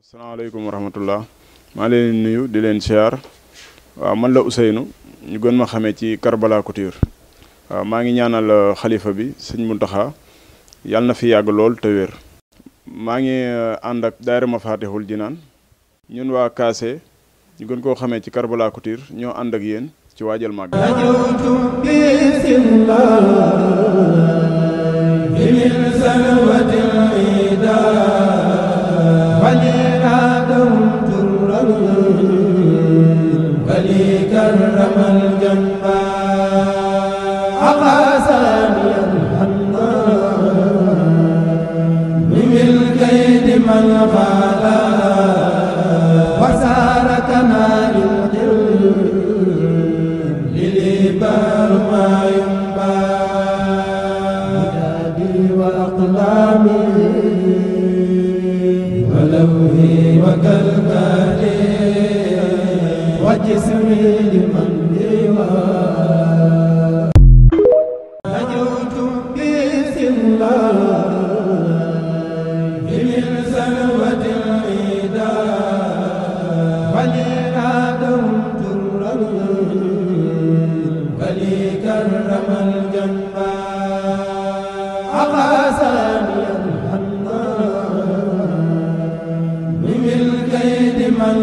asalaamaaleykum wa rahmatullah maa leen di nuyu di leen siyaar waaw man la Ousseynou ñu gën ma xamee ci Karbala waaw maa ngi ñaanal euh, xalifa bi sëñ Muntaxa yàlla na fi yàgg lool te wér maa ngi euh, ànd ak daayira Mafatihul Jinaan ñun waa Kaase ñu gën koo xamee ci Karbala Couture ñoo ànd ak yéen ci waajal màgg ولي آدم جرا ولي الجنة أقاساني الحنان من من غلا وساركنا للجن للإبار ما يمكن ولوهي وكالبالي وجسمي لمن ديوان أجوت بيس الله من سلوة العيدا ولي آدم ترا ولي كرم الجنة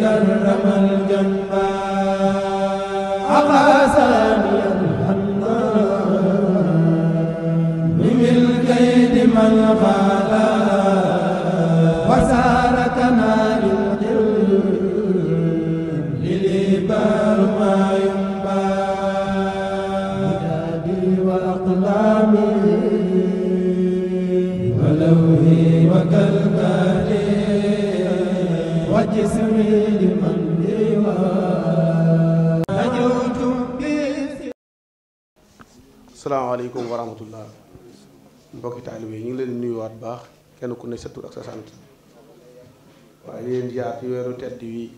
كرم الجنة أبا سامي الحنان بملكيد من غلا وساركنا للجل للإبار ما ينبى وأقلامي assalamualaikum wa rahmatullah mbokki taalibe yi ñu ngi leen nuyu waat baax kenn ku ne sa tur ak sa sante waaye leen jaar ci wéru tedd wi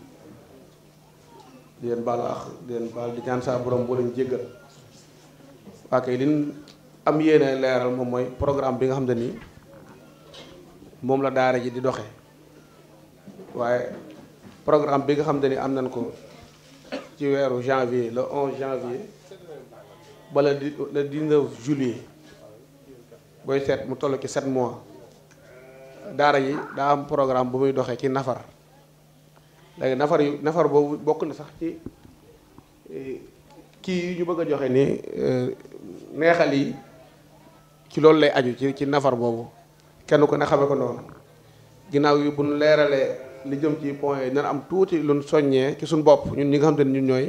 leen baal ak leen baal di ñaan sa borom bo leen jéggal waa kay liñ am yéene leeral mom moy programme bi nga xam ne mom la daara ji di doxé waaye programme bi nga xam ne ni am nañ ko ci wéru janvier le 11 janvier bala di le 19 juillet booy seet mu toll ci 7 mois daara yi daa am programme bu muy doxee ci nafar léegi nafar yu nafar boobu bokk na sax ci kii yi ñu bëgg a joxe ni eh, neexal yi ci loolu lay aju ci ci nafar boobu kenn ku ne xame ko noonu ginnaaw yi bu ñu leeralee li jëm ci point yi dina am tuuti lu ñu soññee ci suñu bopp ñun ñi nga xam te ne ñun ñooy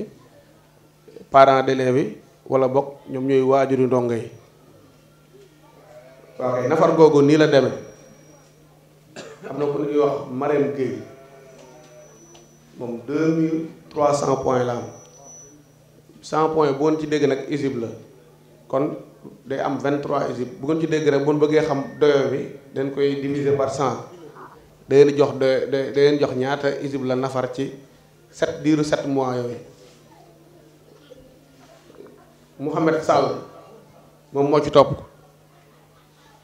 parents d'élèves yi wala bok ñom ñoy waajuri ndongay yi nafar ni la demé amna na ñuy wax marem geey mom 2300 points la am cent points bu ngeen ci dégg nak isib la kon day am 23 trois isib bu ngeen ci dégg rek bu ngeen bëggee xam doyo bi dañ koy diviser par 100 da leen jox doy da jox ñaata isib la nafar ci 7 diru 7 mois yoy Mouhamed Sall moom moo ci topp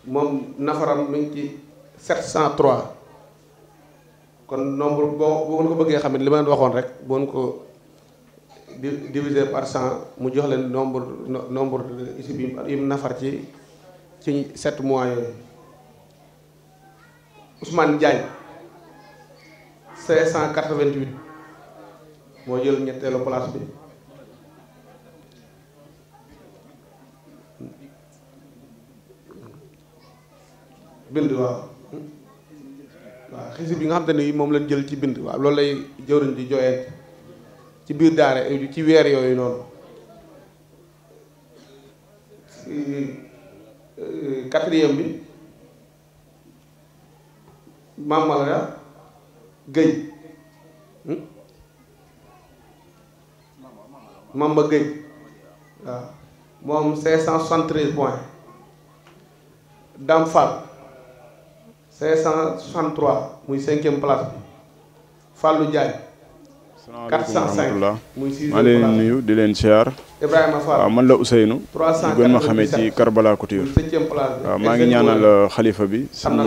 moom nafaram mi ngi ci 703 kon nombre boo boo ko bëggee xam ne li ma leen waxoon rek boo ko divisé par cent mu jox leen nombre nombre issu bi yim nafar ci ci 7 mois yooyu Ousmane Diagne 588 moo jël ñetteelu place bi. bind waaw xisi bi nga xam te ne moom lañ jël ci bind waaw loolu lay jëwriñ di jooyante ci biir daara eh, ci weer yooyu noonu eh, quatrième bi maam Malaka Guèye hmm? Mamba Guèye waaw moom cinq cent soixante-treize points Dame Fall 563 muy cinquième place bi Fallou Diagne. salaamaaleykum muy sixième place maa leen nuyu di leen siyaar. Ibrahima Fall waaw man la Ousseynou. 397 ñu gën ma xamee ci Karbala Couture. septième place bi waaw maa ngi ñaanal euh, xalifa bi. am na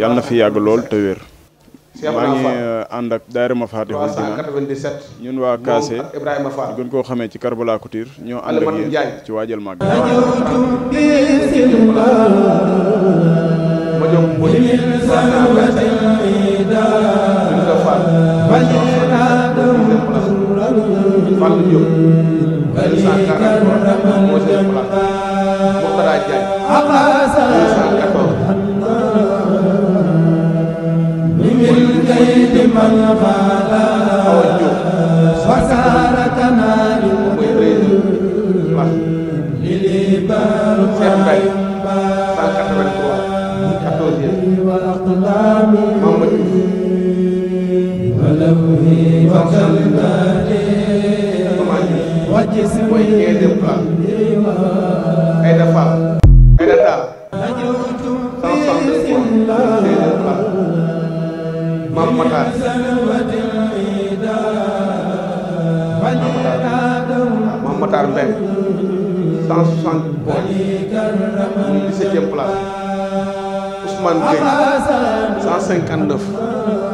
yàlla na fi yàgg lool te wér. maa ngi euh, ànd ak daayira Mafatihul Jinaan ñun waa Kaase Ibrahima Fall gën koo xamee ci Karbala Couture ñoo ànd ci waajal màgg jom boni Fall Diop deux cent quarante-trois moo seen place Mokhtar Diagne deux cent quatorze Awa Diop mooy treize place Cheikh Mbaye أقلامي ولوهي وكلماتي وجسمي ودمعي Mame Matar Mbengue 160 points, 17e place Ousmane Dieng 159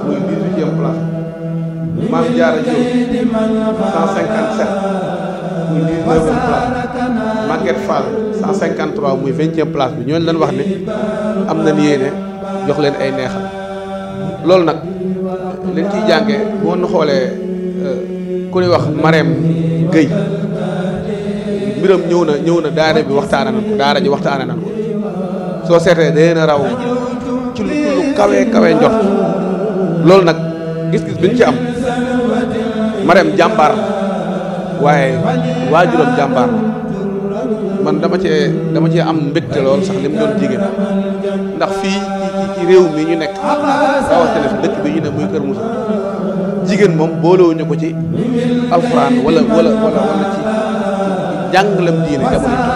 muy 18e place Mame Diarra Diop 157 muy 19e place Maguette bi ñooñu leen wax ne am na yéene jox leen ay neexal loolu nag liñ ciy jàngee boo nu xoolee euh, ku ñuy wax Marème Gueye mbiram ñëw na ñëw na daara bi waxtaana na ko daara ji waxtaana soo seetee da leen a raw ci lu lu kawe njot loolu nag gis-gis bi ci am Marème jàmbaar waaye waajuram jàmbaar man dama cee dama cee am mbégte lool sax li doon jigéen ndax fii ci réew mi ñu nekk rawatina fi dëkk bi ñu ne muy Kër Moussa jigéen moom boolewuñu ko ci alxuraan wala wala wala wala ci jàngalam diine jamono toll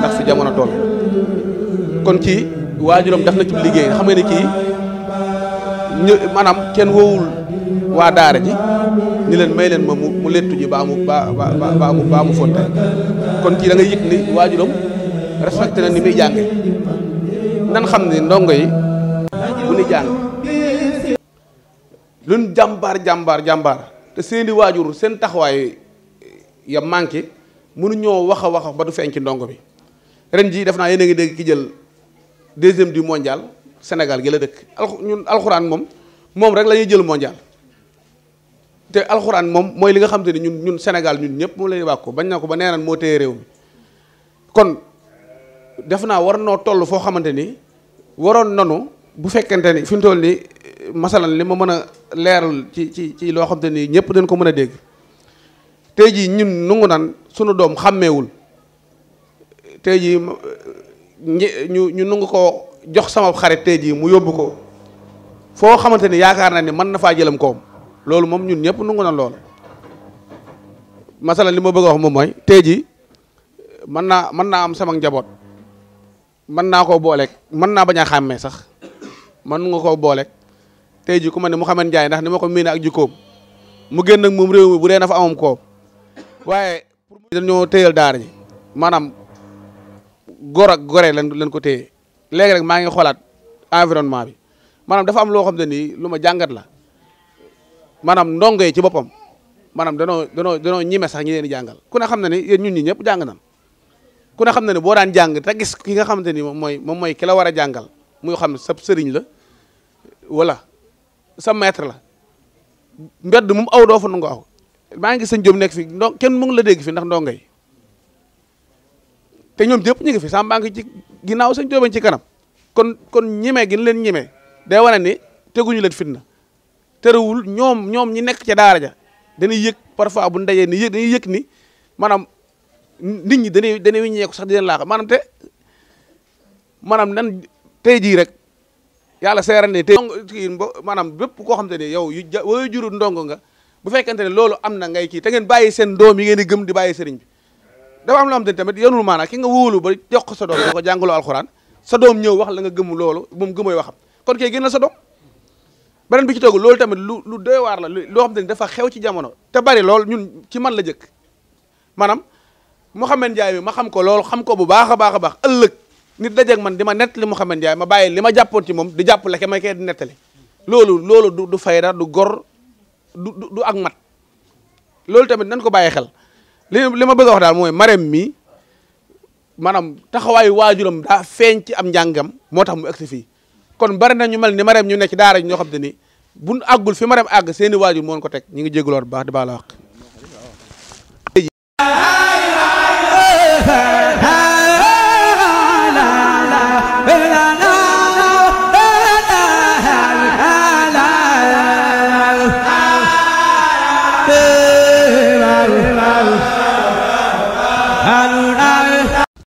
ndax fi jamono toll. kon kii waajuram def na ci liggéey xam nga ne kii ñu maanaam kenn woowul waa daare ji ni leen may leen ma mu mu lettu ji baa mu baa baa mu baa mu fonte kon kii da nga yëg ni waajuram respecté na ni muy jànge nan xam ne ndongo yi bu ni jàng luñ jàmbaar jàmbaar jàmbaar te seeni waajur seen taxawaay ya manqué mënu ñoo wax wax ba du feeñ ci ndongo bi ren jii def naa yéen a ki jël deuxième di mondial Sénégal gi la dëkk ñun alxuraan moom moom rek lañuy jël mondial te alxuraan moom mooy li nga xam te ni ñun ñun Sénégal ñun ñëpp moom la ñuy ko bañ na ko ba nee naan moo téye réew mi kon def naa war noo toll foo xamante ni waroon nanu bu fekkente ni fi mu toll ni masalan li ma mën a leeral ci ci ci loo xam te ni ñëpp dañ ko mën a dégg tey jii ñun nungu naan sunu doom xàmmeewul tey jii ñu ñu nangu ko jox sama xarit tey jii mu yóbbu ko foo xamante ni yaakaar na ni mën na faa jëlam koom loolu moom ñun ñëpp nangu na lool. masalan li ma bëgg a wax moom mooy tey jii mën naa mën naa am sama njaboot mën naa koo booleek mën naa bañ xàmmee sax mën nunga koo booleeg tey jii ku ma ne Mouhamed Ndiaye ndax ni ma ko miinee ak jikkoom mu génn ak moom réew mi bu dee na fa amam koom waaye pour dañoo téyal daara ji maanaam gor ak gore lan lan ko téye léegi rek maa ngi xoolaat environnement bi maanaam dafa am loo xam ne nii lu ma jàngat la maanaam ndongo yi ci boppam maanaam danoo danoo danoo ñime sax ñi leen jàngal ku ne xam ne ne yéen ñun ñi ñëpp jàng nan ku ne xam na ne boo daan jàng te gis ki nga xamante ni moom moom mooy ki la war a jàngal muy xam sa sëriñ la wala sa maître la mbedd moom aw doo fa nangu aw maa ngi gis sëñ Diop nekk fi kenn mu ngi la dégg fi ndax ndongo yi te ñoom ñëpp ñu ngi fi Samba ngi ci ginnaaw sëñ Tuuba ci kanam kon kon ñime gin leen ñime day wane ni teguñu leen fitna terewul ñoom ñoom ñi nekk ca daara ja dañuy yëg parfois bu ndajee ni yëg dañuy yëg ni maanaam nit ñi dañuy dañuy ñeeku sax den leen laax maanaam te maanaam nan tey jii rek yàlla seeral ne tey kii maanaam bépp koo xam te ne yow yu ja juru ndongo nga bu fekkente ne loolu am na ngay kii te ngeen bàyyi seen doom yi ngeen di gëm di bàyyi sëriñ bi dafa am loo xam te tamit yoonul maanaa ki nga wóolu ba jox ko sa doom da ko jàngaloo sa doom ñëw wax la nga gëm moom gëmooy waxam kon kay gën sa doom beneen bi ci toogu loolu tamit lu lu doy waar la loo xam te dafa xew ci jamono te bari lool ñun ci man la jëkk maanaam Mouhamed Ndiaye mi ma xam ko loolu xam ko bu baax a baax a baax ëllëg nit dajeeg man di ma nettali Mouhamed Ndiaye ma bàyyi li ma jàppoon ci moom di jàpp la di nettali loolu loolu du du fayda du gor du du ak mat loolu tamit nañ ko bàyyi xel li li ma bëgg wax daal mooy Marème mi maanaam taxawaayu waajuram daa feeñ ci am njàngam moo tax mu egsi fii kon bari na ñu mel ni Marème ñu nekk ci daara ñoo xam te ni buñ àggul fi Marème àgg seeni waajur moon ko teg ñu ngi jégaluwaat bu baax di baax la wax